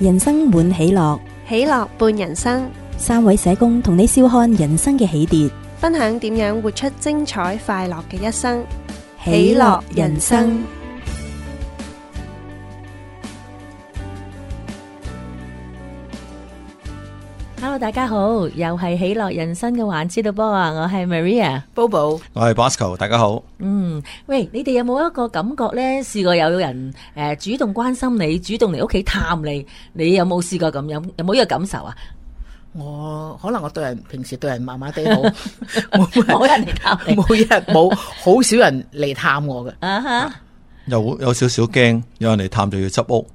人生滿喜樂，喜樂伴人生。三位社工同你笑看人生嘅起跌，分享點樣活出精彩快樂嘅一生。喜樂人生。Hello，大家好，又係喜樂人生嘅環節知道波啊！我係 Maria，Bobo，我係 Bosco，大家好。嗯，喂，你哋有冇一個感覺咧？試過有人誒主動關心你，主動嚟屋企探你，你有冇試過咁樣？有冇呢個感受啊？我可能我對人平時對人麻麻地好，冇人嚟探你，冇嘢，冇，好少人嚟探我㗎。啊哈，有有少少驚，有人嚟探就要執屋。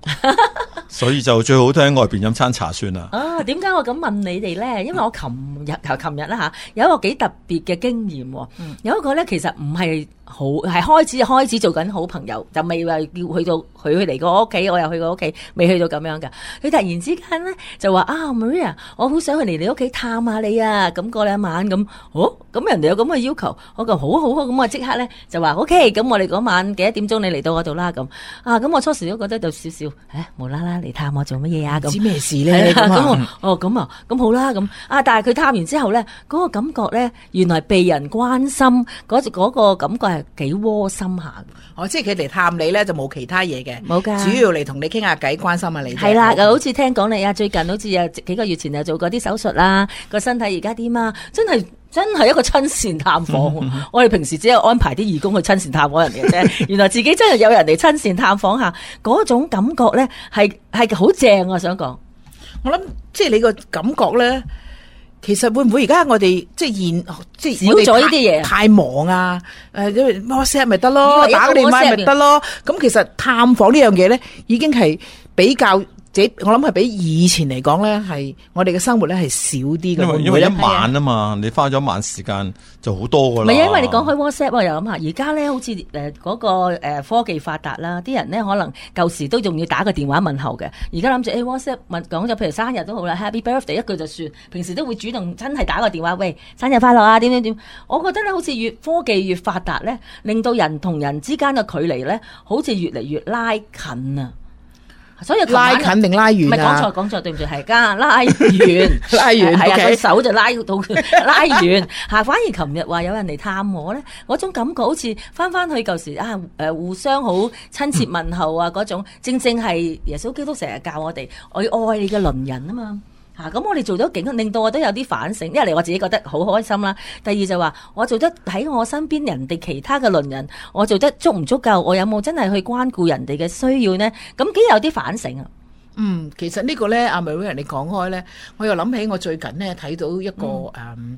所以就最好都喺外邊飲餐茶算啦。哦、啊，點解我咁問你哋咧？因為我琴日由琴日啦嚇、啊，有一個幾特別嘅經驗，嗯、有一個咧，其實唔係。好係開始就開始做緊好朋友，就未話要去到佢去嚟過我屋企，我又去過屋企，未去到咁樣㗎。佢突然之間咧就話：啊，Maria，我好想去嚟你屋企探下你啊，咁過兩晚咁。哦，咁人哋有咁嘅要求，我就好好咁我即刻咧就話 OK，咁我哋嗰晚幾多點鐘你嚟到我度啦咁。啊，咁我初時都覺得就少少，唉，無啦啦嚟探我做乜嘢啊？唔知咩事咧咁哦，咁啊，咁好啦咁。啊，但係佢探完之後咧，嗰、嗰個感覺咧，原來被人關心嗰嗰、嗰個感覺。幾窩心下，我知佢哋探你咧，就冇其他嘢嘅，冇噶，主要嚟，同你傾下偈，關心下你。係啦的，好似的聽講你啊，最近好似又幾個月前又做過啲手術啦，個身體而家點啊？真係真係一個親善探訪，我哋平時只有安排啲義工去親善探訪人嘅啫，原來自己真係有人嚟親善探訪下，嗰 種感覺咧係係好正。我想講，我諗即係你個感覺咧。其實會唔會而家我哋即係現即係少咗呢啲嘢，太忙啊！誒，因為 WhatsApp 咪得咯，打個電話咪得咯。咁其實探訪呢樣嘢咧，已經係比較。我諗係比以前嚟講咧，係我哋嘅生活咧係少啲嘅。因為是是因為一晚啊嘛，係啊，你花咗一晚時間就好多噶啦。唔係，因為你講開 WhatsApp，又諗下而家咧，好似誒嗰個誒科技發達啦，啲人咧可能舊時都仲要打個電話問候嘅，而家諗住誒、欸、WhatsApp 問講，就譬如生日都好啦，Happy Birthday 一句就算。平時都會主動真係打個電話，喂，生日快樂啊，點點點。我覺得咧，好似越科技越發達咧，令到人同人之間嘅距離咧，好似越嚟越拉近啊。所以拉近定拉遠啊！唔係，講錯講錯，對唔住係家拉遠， 拉遠係啊佢手就拉到拉遠吓， 反而琴日話有人嚟探我咧，嗰種感覺好似翻翻去舊時啊，誒互相好親切問候啊嗰 種，正正係耶穌基督成日教我哋，我要愛你嘅鄰人啊嘛。啊！咁我哋做咗，令到我都有啲反省。一嚟我自己覺得好開心啦，第二就話、是、我做得喺我身邊人哋其他嘅鄰人，我做得足唔足夠？我有冇真係去關顧人哋嘅需要呢？咁幾有啲反省啊！嗯，其實呢個呢，阿美婉，人哋講開呢，我又諗起我最近呢睇到一個誒。嗯嗯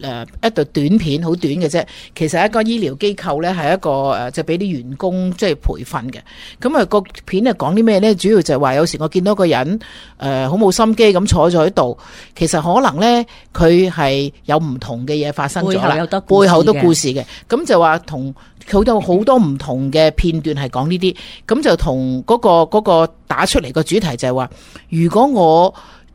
誒一段短片，好短嘅啫。其實一個醫療機構咧，係一個誒，就俾啲員工即係培訓嘅。咁啊，個片咧係講啲咩咧？主要就係話，有時我見到個人誒好冇心機咁坐咗喺度，其實可能咧佢係有唔同嘅嘢發生咗啦。背後都故事嘅，咁就話同佢有好多唔同嘅片段係講呢啲。咁就同嗰個嗰個打出嚟個主題就係話，如果我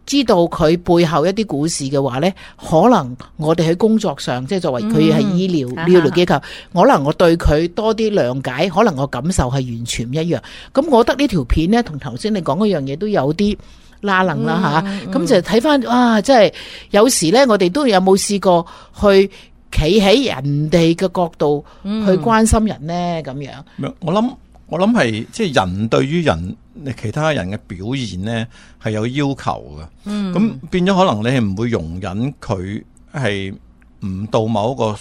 知道佢背後一啲故事嘅話呢，可能我哋喺工作上，即係作為佢係醫療、嗯、醫療機構，可能我對佢多啲諒解，可能我感受係完全唔一樣。咁我覺得呢條片呢，同頭先你講嗰樣嘢都有啲拉楞啦吓。咁就睇翻啊，即係有時呢，我哋都有冇試過去企喺人哋嘅角度去關心人呢？咁、嗯嗯、樣。我諗。我諗係，即係人對於人，其他人嘅表現呢，係有要求嘅，嗯、咁變咗可能你係唔會容忍佢係唔到某一個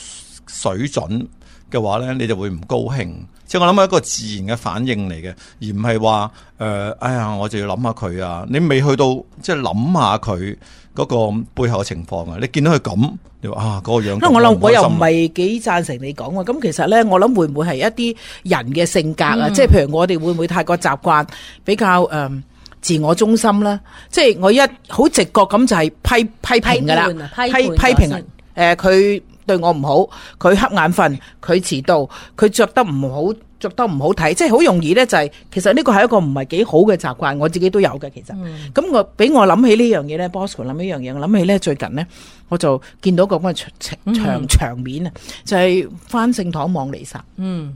水準。嘅話咧，你就會唔高興，即係我諗係一個自然嘅反應嚟嘅，而唔係話誒，哎呀，我就要諗下佢啊！你未去到即係諗下佢嗰個背後嘅情況啊！你見到佢咁，你話啊嗰、嗰個樣，咁我諗我又唔係幾贊成你講啊！咁其實咧，我諗會唔會係一啲人嘅性格啊？即係、嗯、譬如我哋會唔會太過習慣比較誒、呃、自我中心啦？即係我一好直覺咁就係批批評噶啦，批批評誒佢。對我唔好，佢瞌眼瞓，佢遲到，佢着得唔好，着得唔好睇，即係好容易咧。就係其實呢個係一個唔係幾好嘅習慣，我自己都有嘅。其實咁我俾我諗起呢樣嘢咧，Bosco 諗起一樣嘢，我諗起咧最近咧，我就見到個咁嘅場場面啊，就係返聖堂望彌撒。嗯，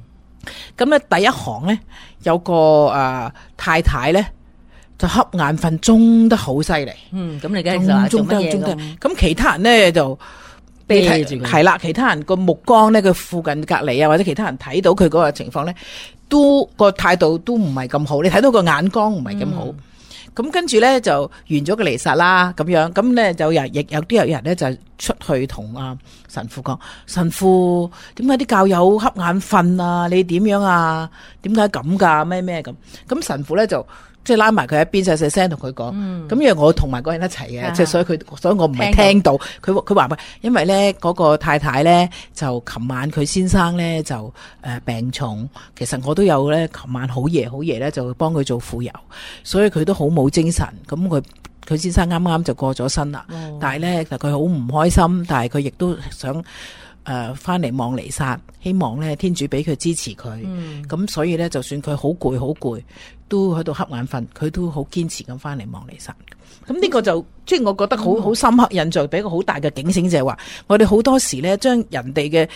咁咧第一行咧有個誒太太咧就瞌眼瞓，鐘得好犀利。嗯，咁你梗係做乜嘢？鐘得，咁其他人咧就。被睇係啦，其他人個目光咧，佢附近隔籬啊，或者其他人睇到佢嗰個情況咧，都個態度都唔係咁好，你睇到個眼光唔係咁好。咁、嗯、跟住咧就完咗個彌撒啦，咁樣咁咧就人亦有啲有人咧就出去同阿神父講，神父點解啲教友瞌眼瞓啊？你點樣啊？點解咁噶？咩咩咁？咁神父咧就。即係拉埋佢一邊，細細聲同佢講，咁、嗯、因為我同埋嗰人一齊嘅，即係、啊、所以佢，所以我唔係聽到佢，佢話喂，因為咧嗰、嗰個太太咧就琴晚佢先生咧就誒病重，其實我都有咧琴晚好夜好夜咧就幫佢做護油，所以佢都好冇精神，咁佢佢先生啱啱就過咗身啦，嗯、但係咧就佢好唔開心，但係佢亦都想。誒，翻嚟望彌撒，希望咧天主俾佢支持佢。咁所以咧，就算佢好攰，好攰，都喺度瞌眼瞓，佢都好堅持咁翻嚟望彌撒。咁呢個就即係我覺得好好深刻印象，俾個好大嘅警醒，就係話我哋好多時咧，將人哋嘅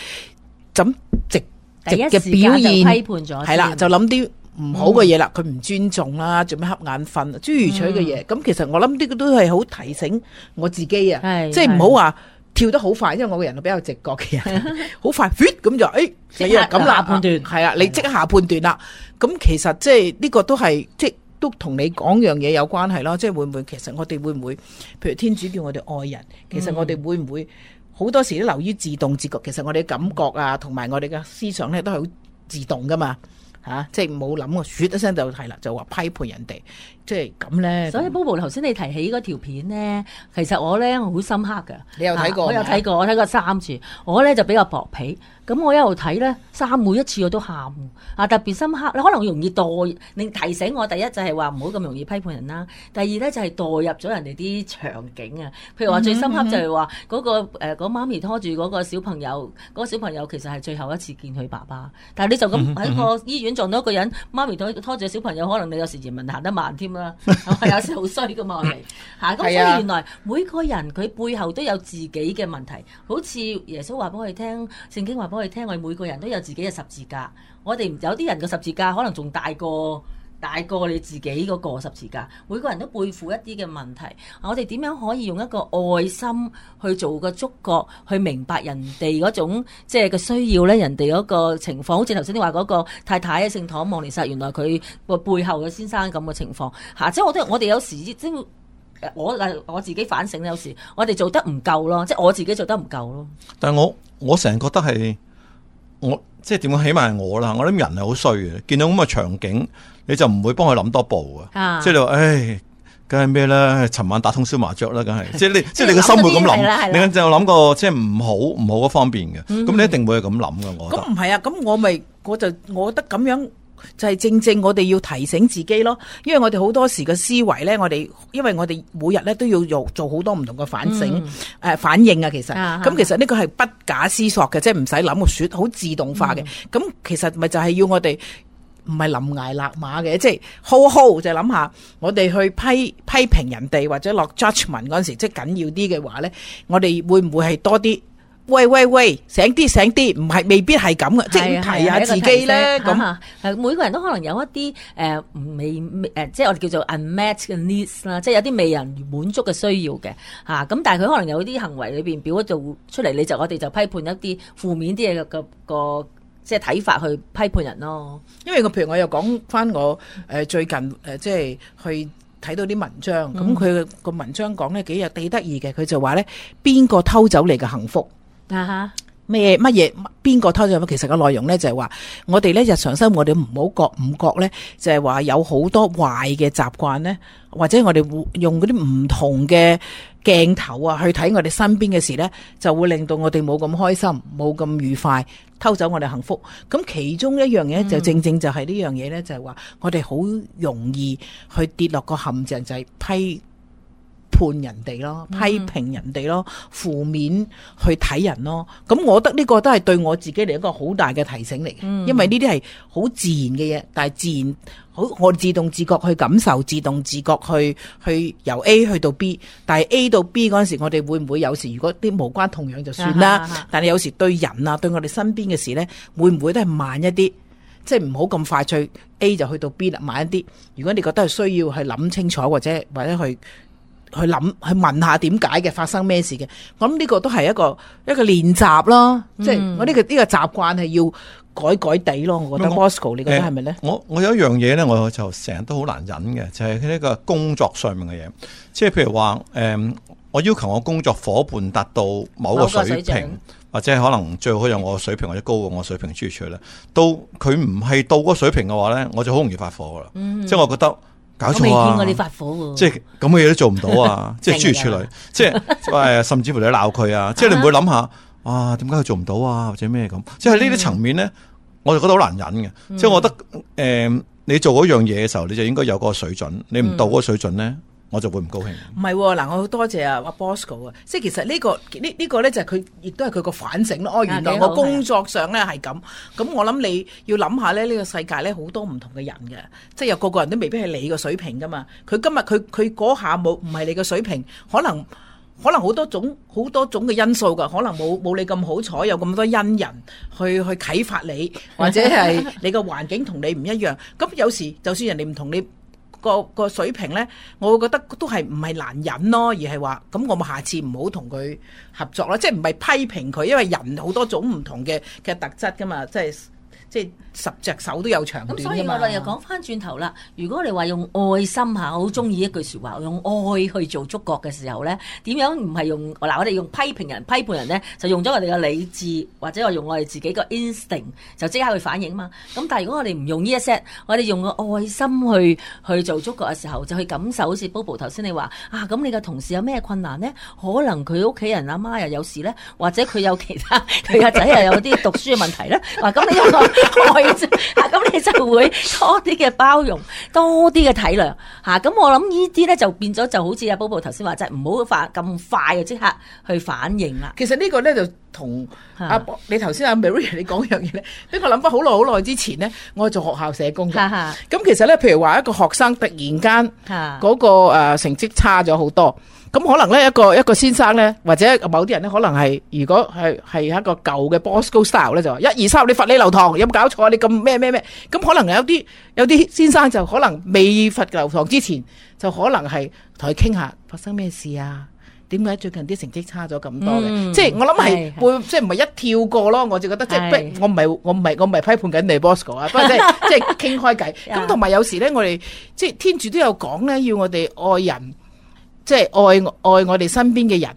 怎直直嘅表現批判咗，係啦，就諗啲唔好嘅嘢啦，佢唔尊重啦，做咩瞌眼瞓，諸如此類嘅嘢。咁其實我諗呢個都係好提醒我自己啊，即係唔好話。跳得好快，因為我個人係比較直覺嘅人，好 快咁就誒，即係咁下判斷，係啊，你即刻下判斷啦。咁其實即係呢個都係即係都同你講樣嘢有關係啦。即係會唔會？其實我哋會唔會？譬如天主叫我哋愛人，嗯、其實我哋會唔會好多時都流於自動自覺？其實我哋嘅感覺啊，同埋、嗯、我哋嘅思想咧，都係好自動噶嘛。吓、啊，即係冇諗個，雪一聲就係啦，就話批判人哋。即係咁咧，呢所以 BoBo 頭先你提起嗰條片咧，其實我咧我好深刻㗎。你有睇過、啊、過？我有睇過，我睇過三次。我咧就比較薄皮。咁我一路睇咧，三次每一次我都喊啊，特別深刻。你可能容易代，你提醒我第一就係話唔好咁容易批判人啦。第二咧就係、是、代入咗人哋啲場景啊。譬如話最深刻就係話嗰個誒、呃那個、媽咪拖住嗰個小朋友，嗰、那個、小朋友其實係最後一次見佢爸爸。但係你就咁喺個醫院撞到一個人，嗯哼嗯哼媽咪拖住小朋友，可能你有時移民行得慢添。係咪有時好衰噶嘛？係吓我哋，咁所以原來每個人佢背後都有自己嘅問題，好似耶穌話俾我哋聽，聖經話俾我哋聽，我哋每個人都有自己嘅十字架，我哋有啲人嘅十字架可能仲大過。大過你自己嗰個十字架，每個人都背負一啲嘅問題。我哋點樣可以用一個愛心去做個觸覺，去明白人哋嗰種即係個需要咧？人哋嗰個情況，好似頭先你話嗰個太太聖堂望彌撒，原來佢個背後嘅先生咁嘅情況。嚇、啊！即係我哋，我哋有時即都，我我，我自己反省有時我哋做得唔夠咯，即係我自己做得唔夠咯。但係我我成日覺得係我。即係點講？起埋我啦！我諗人係好衰嘅，見到咁嘅場景，你就唔會幫佢諗多步嘅。啊、即係你話，唉、哎，梗係咩咧？尋晚打通宵麻雀啦，梗係。即係你， 即係你個心會咁諗。你肯定就諗過即係唔好唔好嘅方面嘅。咁、嗯、哼你一定會係咁諗嘅。我咁唔係啊？咁我咪我就我覺得咁、嗯啊、樣。就係正正我哋要提醒自己咯，因為我哋好多時嘅思維咧，我哋因為我哋每日咧都要做做好多唔同嘅反省，誒、嗯呃、反應啊，其實咁、嗯、其實呢個係不假思索嘅，即係唔使諗個說，好自動化嘅。咁、嗯、其實咪就係要我哋唔係臨崖勒馬嘅，即係好好就諗、是、下，我哋去批批評人哋或者落 judgement 陣時，即係緊要啲嘅話咧，我哋會唔會係多啲？喂喂喂，醒啲醒啲，唔係未必係咁嘅，即係提下自己咧咁。誒，每個人都可能有一啲誒、呃，未誒，即係我哋叫做 unmet needs 啦，即係有啲未人滿足嘅需要嘅嚇。咁但係佢可能有啲行為裏邊表咗做出嚟，你就我哋就批判一啲負面啲嘅個個即係睇法去批判人咯。因為我譬如我又講翻我誒最近誒即係去睇到啲文章，咁佢個文章講咧幾日幾得意嘅，佢就話咧邊個偷走你嘅幸福？啊哈！咩乜嘢邊個偷咗？其實個內容咧就係話，我哋咧日常生活，我哋唔好覺唔覺咧，就係話有好多壞嘅習慣咧，或者我哋用嗰啲唔同嘅鏡頭啊，去睇我哋身邊嘅事咧，就會令到我哋冇咁開心，冇咁愉快，偷走我哋幸福。咁其中一樣嘢就正正就係呢樣嘢咧，就係話我哋好容易去跌落個陷阱，就係批。判人哋咯，批評人哋咯，負面去睇人咯。咁、嗯、我覺得呢個都係對我自己嚟一個好大嘅提醒嚟嘅，嗯、因為呢啲係好自然嘅嘢，但係自然好我自動自覺去感受，自動自覺去去由 A 去到 B，但係 A 到 B 嗰陣時，我哋會唔會有時？如果啲無關痛癢就算啦，啊、哈哈但係有時對人啊，對我哋身邊嘅事呢，會唔會都係慢一啲？即係唔好咁快脆，A 就去到 B 啦，慢一啲。如果你覺得係需要去諗清楚，或者或者去。去諗去問下點解嘅發生咩事嘅？咁呢個都係一個一個練習咯，嗯、即係我呢、這個呢、這個習慣係要改改底咯，我覺得。Moscow，、嗯、你覺得係咪咧？我我有一樣嘢咧，我就成日都好難忍嘅，就係佢呢個工作上面嘅嘢，即係譬如話誒、嗯，我要求我工作夥伴達到某個水平，或者可能最好有我水平或者高過我水平之處咧，到佢唔係到嗰個水平嘅話咧，我就好容易發火噶啦，即係、嗯、哼我覺得。搞錯啊！見過你發火即係咁嘅嘢都做唔到啊！ 即係諸如此類，即係、哎，甚至乎你鬧佢啊！ 即係你唔會諗下，哇、啊，點解佢做唔到啊？或者咩咁？即係呢啲層面咧，嗯、我就覺得好難忍嘅。嗯、即係我覺得，誒、呃，你做嗰樣嘢嘅時候，你就應該有嗰個水準。你唔到嗰個水準咧？嗯我就會唔高興。唔係嗱，我好多謝阿、啊、Bosco 啊，即係其實呢、呢個呢呢、呢個呢，呢個、就係佢亦都係佢個反省咯。哦，原來我工作上呢係咁。咁好、啊、我諗你要諗下咧，呢、呢個世界呢，好多唔同嘅人嘅，即係有個個人都未必係你個水平噶嘛。佢今日佢佢嗰下冇唔係你個水平，可能可能好多種好多種嘅因素噶，可能冇冇你咁好彩，有咁多恩人去去啟發你， 或者係是 你個環境同你唔一樣。咁有時就算人哋唔同你。個個水平呢，我覺得都係唔係難忍咯，而係話咁我咪下次唔好同佢合作咯，即係唔係批評佢，因為人好多種唔同嘅嘅特質噶嘛，即係。即係十隻手都有長短啊嘛！咁所以我哋又講翻轉頭啦。如果你話用愛心啊，好中意一句説話，用愛去做觸覺嘅時候咧，點樣唔係用嗱？我哋用批評人、批判人咧，就用咗我哋嘅理智，或者我用我哋自己個 instinct 就即刻去反應嘛。咁但係如果我哋唔用呢一套，我哋用個愛心去去做觸覺嘅時候，就去感受。好似 BoBo 頭先你話啊，咁你嘅同事有咩困難咧？可能佢屋企人阿媽又有事咧，或者佢有其他佢阿仔又有啲讀書嘅問題咧。嗱咁、 啊、你愛 啫、 啊，咁你就會多啲嘅包容，多啲嘅體諒，吓、啊、咁我諗呢啲咧就變咗就好似阿 Bobo 頭先話，即係唔好快咁快就即刻去反應啦。其實個呢個咧就同阿、啊啊、你頭先阿、啊、Maria 你講樣嘢咧，畀我諗翻好耐好耐之前咧，我去做學校社工，嘅。咁其實咧譬如話一個學生突然間嗰個誒成績差咗好多。咁可能咧，一個一個先生咧，或者某啲人咧，可能係，如果係係一個舊嘅 Bosco style 咧，就話一二三，1, 2, 3, 你罰你留堂，有冇搞錯啊？你咁咩咩咩？咁可能有啲有啲先生就可能未罰留堂之前，就可能係同佢傾下發生咩事啊？點解最近啲成績差咗咁多嘅？嗯、即係我諗係會，是是即係唔係一跳過咯？我就覺得是 即係，我唔係我唔係我唔係批判緊你 Bosco 啊，不過即係即係傾開偈。咁同埋有時咧，我哋即係天主都有講咧，要我哋愛人。即係愛愛我哋身邊嘅人，誒、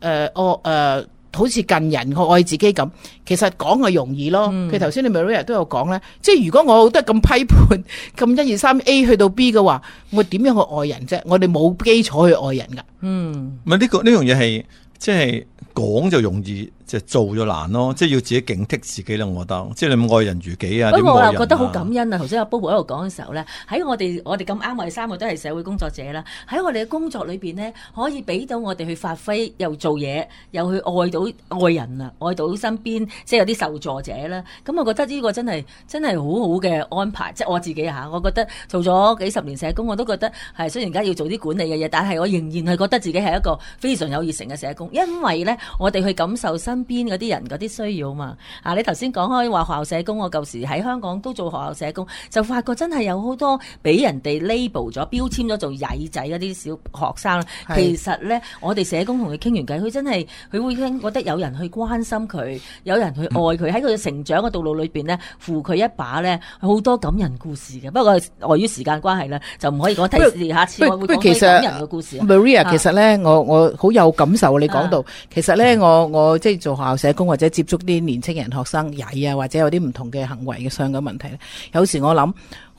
呃，我、呃、誒、呃，好似近人我愛自己咁，其實講係容易咯。佢頭先你咪 a 都有講咧，即係如果我都係咁批判咁一二三 A 去到 B 嘅話，我點樣去愛人啫？我哋冇基礎去愛人噶。嗯，唔係呢個呢樣嘢係即係講就容易。即係做咗難咯，即係要自己警惕自己咯，我覺得。即係你愛人如己啊，不過我又覺得好感恩啊！頭先阿波波喺度講嘅時候咧，喺我哋我哋咁啱係三個都係社會工作者啦。喺我哋嘅工作裏邊呢，可以俾到我哋去發揮，又做嘢，又去愛到愛人啊，愛到身邊，即係有啲受助者啦。咁、嗯、我覺得呢個真係真係好好嘅安排。即係我自己嚇，我覺得做咗幾十年社工，我都覺得係雖然而家要做啲管理嘅嘢，但係我仍然係覺得自己係一個非常有熱誠嘅社工，因為咧我哋去感受身邊嗰啲人嗰啲需要嘛？啊，你頭先講開話學校社工，我舊時喺香港都做學校社工，就發覺真係有好多俾人哋 label 咗、標籤咗做曳仔嗰啲小學生。是其實呢，我哋社工同佢傾完偈，佢真係佢會覺得有人去關心佢，有人去愛佢，喺佢嘅成長嘅道路裏邊呢，扶佢一把呢，好多感人故事嘅。不過礙於時間關係呢，就唔可以講。提示如下次我會講啲如實感人嘅故事。Maria，、啊、其實呢，我我好有感受你講到，其實呢，啊、實我我即係。做學校社工或者接觸啲年青人學生曳啊，或者有啲唔同嘅行為嘅相關嘅問題，有時我諗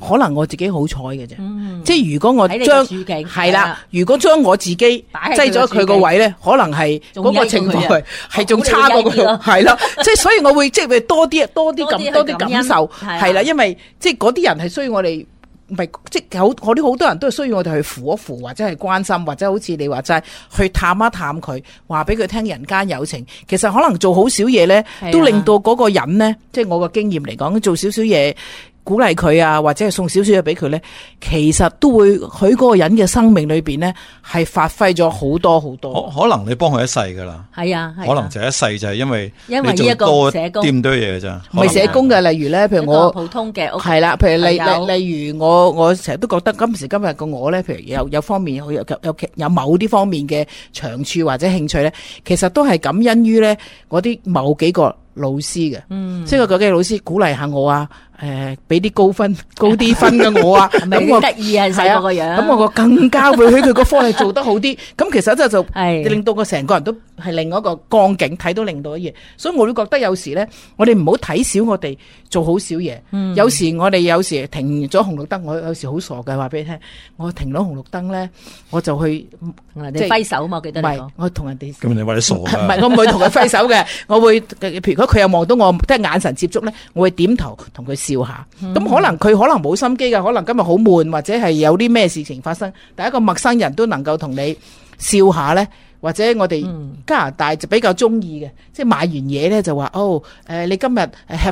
可能我自己好彩嘅啫。嗯、即係如果我將係啦，如果將我自己擠咗佢個位咧，可能係嗰個情況係仲差過佢，係咯。即 係所以我會即係多啲多啲咁 多啲感受係啦， 因為， 因為即係嗰啲人係需要我哋。唔係，即係好我啲好多人都需要我哋去扶一扶，或者係關心，或者好似你話齋去探一探佢，話俾佢聽，人間友情其實可能做好少嘢咧，的都令到嗰個人咧，即係我個經驗嚟講，做少少嘢。鼓勵佢啊，或者係送少少嘢俾佢咧，其實都喺佢嗰個人嘅生命裏邊咧，係發揮咗好多好多。可能你幫佢一世噶啦，係啊，可能就一世就係因為你做多啲咁多嘢咋，唔係社工嘅，例如咧，譬如我普通嘅屋係啦，譬如例例例如我我成日都覺得今時今日個我咧，譬如有有方面有有有有某啲方面嘅長處或者興趣咧，其實都係感恩於咧嗰啲某幾個。老師嘅，即係佢嘅老師鼓勵下我，呃、我，我 啊，誒，俾啲高分高啲分嘅我啊，咁我得意啊，成個個樣，咁我個更加會去佢個科係做得好啲，咁 其實真、就、係、是、就令到我成個人都，係另外一個光景，睇到另到嘢，所以我會覺得有時咧，我哋唔好睇小我哋做好少嘢。有時我哋有時停咗紅綠燈，我有時好傻嘅，話俾你聽，我停咗紅綠燈咧，我就去同人哋揮手啊嘛。我記得我同人哋咁，你話你傻啊？唔係，我唔會同佢揮手嘅。我會，譬如講佢又望到我，即係眼神接觸咧，我會點頭同佢笑下。咁可能佢可能冇心機嘅，可能今日好悶，或者係有啲咩事情發生。但一個陌生人都能夠同你笑下咧。或者我哋加拿大就比較中意嘅，嗯、即係買完嘢咧就話哦，誒、呃、你今日 have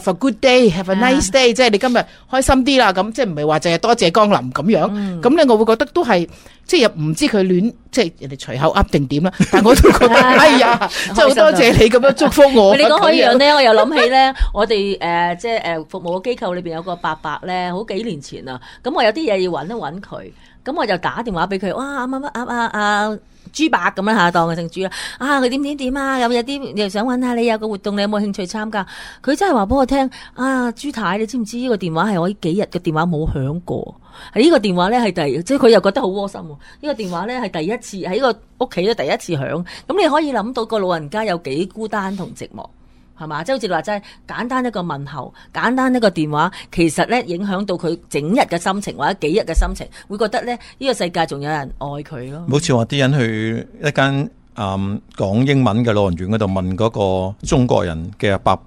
a good day，have a nice day，啊、即係你今日開心啲啦，咁即係唔係話淨係多謝光臨咁樣，咁咧、嗯、我會覺得都係即係唔知佢亂，即、就、係、是、人哋隨口噏定點啦。嗯、但我都覺得， 哎呀，真係好多謝你咁樣祝福我。你講開心 樣呢樣咧，我又諗起咧， 我哋誒即係誒服務嘅機構裏邊有個伯伯咧，好幾年前啊，咁我有啲嘢要揾一揾佢，咁我就打電話俾佢，哇阿乜乜阿阿。朱八咁樣，下當嘅姓朱啦。啊，佢點點點啊，咁有啲又想揾下你，有個活動你有冇興趣參加？佢真係話俾我聽，啊，朱太，你知唔知呢個電話係我幾日嘅電話冇響過？係、呢、呢個電話咧係第，即係佢又覺得好窩心、啊。呢、呢個電話咧係第一次，喺呢個屋企咧第一次響。咁你可以諗到個老人家有幾孤單同寂寞。係嘛，即係好似話齋簡單一個問候，簡單一個電話，其實咧影響到佢整日嘅心情或者幾日嘅心情，會覺得咧呢個世界仲有人愛佢咯。好似話啲人去一間嗯，講英文嘅老人院嗰度問嗰個中國人嘅阿伯，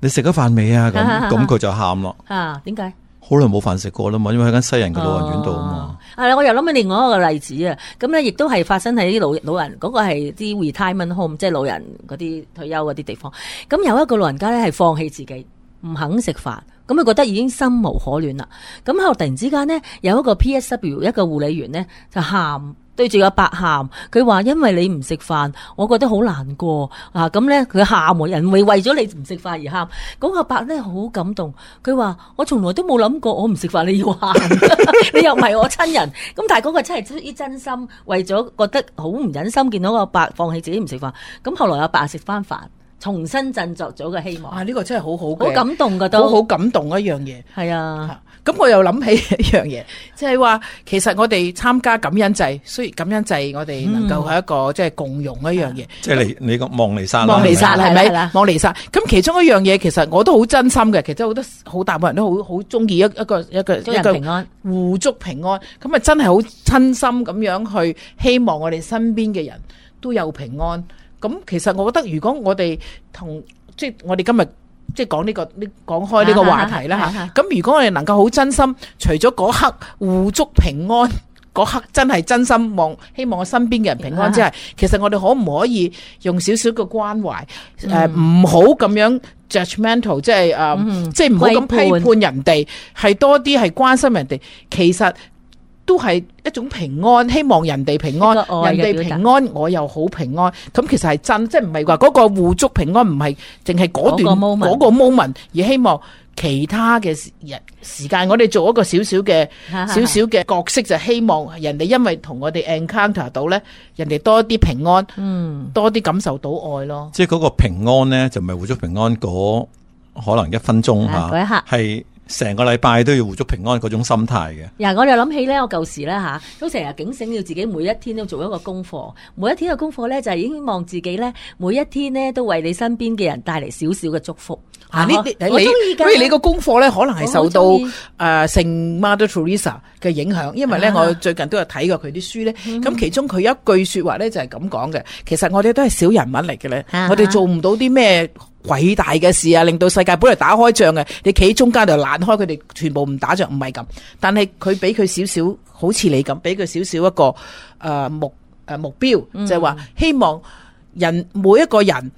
你食咗飯未啊？咁咁佢就喊咯。啊？點解？好耐冇飯食過啦嘛，因為喺間西人嘅老人院度啊嘛。啊、哦，我又諗起另外一個例子啊，咁咧亦都係發生喺啲老老人嗰、嗰個係啲 retirement home，即係老人嗰啲退休嗰啲地方。咁有一個老人家咧係放棄自己。唔肯食飯，咁佢覺得已經心無可戀啦。咁後來突然之間呢，有一個 P.S.W. 一個護理員呢，就喊，對住阿伯喊，佢話因為你唔食飯，我覺得好難過啊。咁呢佢喊人會，為咗你唔食飯而喊。咁、個伯呢，好感動，佢話我從來都冇諗過我唔食飯你要喊， 你又唔係我親人。咁但係嗰個真係出於真心，為咗覺得好唔忍心見到個伯放棄自己唔食飯。咁後來阿伯食翻飯。重新振作咗嘅希望啊，啊、這、呢個真係好好嘅，好感動㗎都，好好感動一樣嘢。係是啊，咁我又諗起一樣嘢，即係話其實我哋參加感恩祭，雖然感恩祭我哋能夠係一個、嗯、即係共融一樣嘢，啊嗯、即係你你個望彌撒，望彌撒係咪望彌撒。咁其中一樣嘢，其實我都好真心嘅。其實好多好大部分人都好好中意一一個一個一個互祝平安。咁啊，真係好真心咁樣去希望我哋身邊嘅人都有平安。咁其實我覺得如果我哋同即係我哋今日即係講呢個呢講開呢個話題啦吓，咁 如果我哋能夠好真心，除咗嗰刻互祝平安，嗰刻真係真心望希望我身邊嘅人平安之外，其實我哋可唔可以用少少嘅關懷誒，唔好咁樣 judgmental，即係誒，即係唔好咁批判人哋，係多啲係關心人哋，其實。都係一種平安，希望人哋平安，人哋平安，我又好平安。咁其實係真，即係唔係話嗰個互祝平安，唔係淨係嗰段嗰個 moment 而希望其他嘅時日時間，我哋做一個少少嘅少少嘅角色，就希望人哋因為同我哋 encounter 到呢，人哋多啲平安，嗯，多啲感受到愛咯。即係嗰個平安呢，就唔係互祝平安嗰可能一分鐘嚇，係。成個禮拜都要互祝平安嗰種心態嘅。嗱，我又諗起咧，我舊時咧吓，都成日警醒要自己，每一天都做一個功課，每一天嘅功課咧就係希望自己咧，每一天呢，都為你身邊嘅人帶嚟少少嘅祝福。呢啲，我中意噶。所以你個功課咧，可能係受到誒聖、呃、Mother Teresa 嘅影響，因為咧、啊、我最近都有睇過佢啲書咧。咁、嗯、其中佢一句話說話咧就係咁講嘅。其實我哋都係小人物嚟嘅咧， 我哋做唔到啲咩偉大嘅事啊，令到世界本來打開仗嘅，你企喺中間就攔開佢哋，全部唔打仗，唔係咁。但係佢俾佢少少，好似你咁，俾佢少少一個誒、呃、目誒目標，嗯、就係話希望人每一個人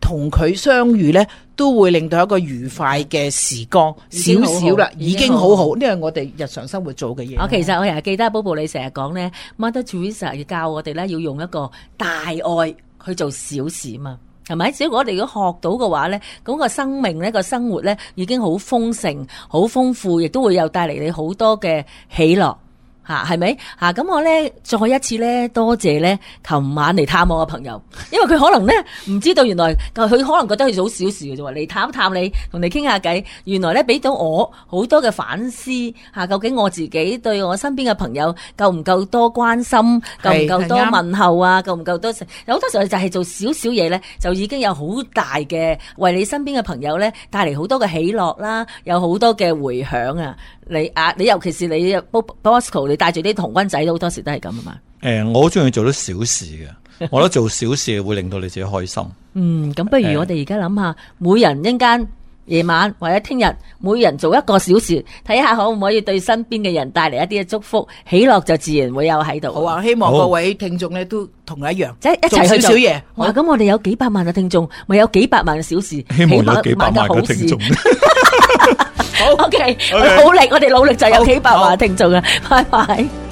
同佢相遇咧，都會令到一個愉快嘅時光，少少啦，已經好已經好。呢係我哋日常生活做嘅嘢。嗯、我其實我又係記得寶寶你成日講咧，Mother Teresa 教我哋咧要用一個大愛去做小事嘛。係咪？只要我哋如果學到嘅話咧，咁個生命咧，個生活咧，已經好豐盛、好豐富，亦都會有帶嚟你好多嘅喜樂。吓，係咪吓？咁、啊、我咧，再一次咧，多謝咧，琴晚嚟探我嘅朋友，因為佢可能咧，唔知道原來佢可能覺得佢好小事嘅啫，話嚟探探你，同你傾下偈。原來咧，俾到我好多嘅反思吓、啊，究竟我自己對我身邊嘅朋友夠唔夠多關心，夠唔夠多問候的啊？夠唔夠多？有好多時候就係做少少嘢咧，就已經有好大嘅為你身邊嘅朋友咧，帶嚟好多嘅喜樂啦、啊，有好多嘅回響啊！你啊，你尤其是你 Bosco。啊帶住啲童軍仔，好多時都係咁啊嘛。誒，我好中意做啲小事嘅，我覺得做小事會令到你自己開心。嗯，咁不如我哋而家諗下，每人一間夜晚或者聽日，每人做一個小事，睇下可唔可以對身邊嘅人帶嚟一啲嘅祝福，喜樂就自然會有喺度。好啊，希望各位聽眾咧都同我一樣，即係一齊做少少嘢。哇，咁我哋有幾百萬嘅聽眾，咪有幾百萬嘅小事，希望有幾百萬嘅聽眾。好 ，OK，, okay. 努力，我哋努力就有幾百萬聽眾啊，好拜拜。好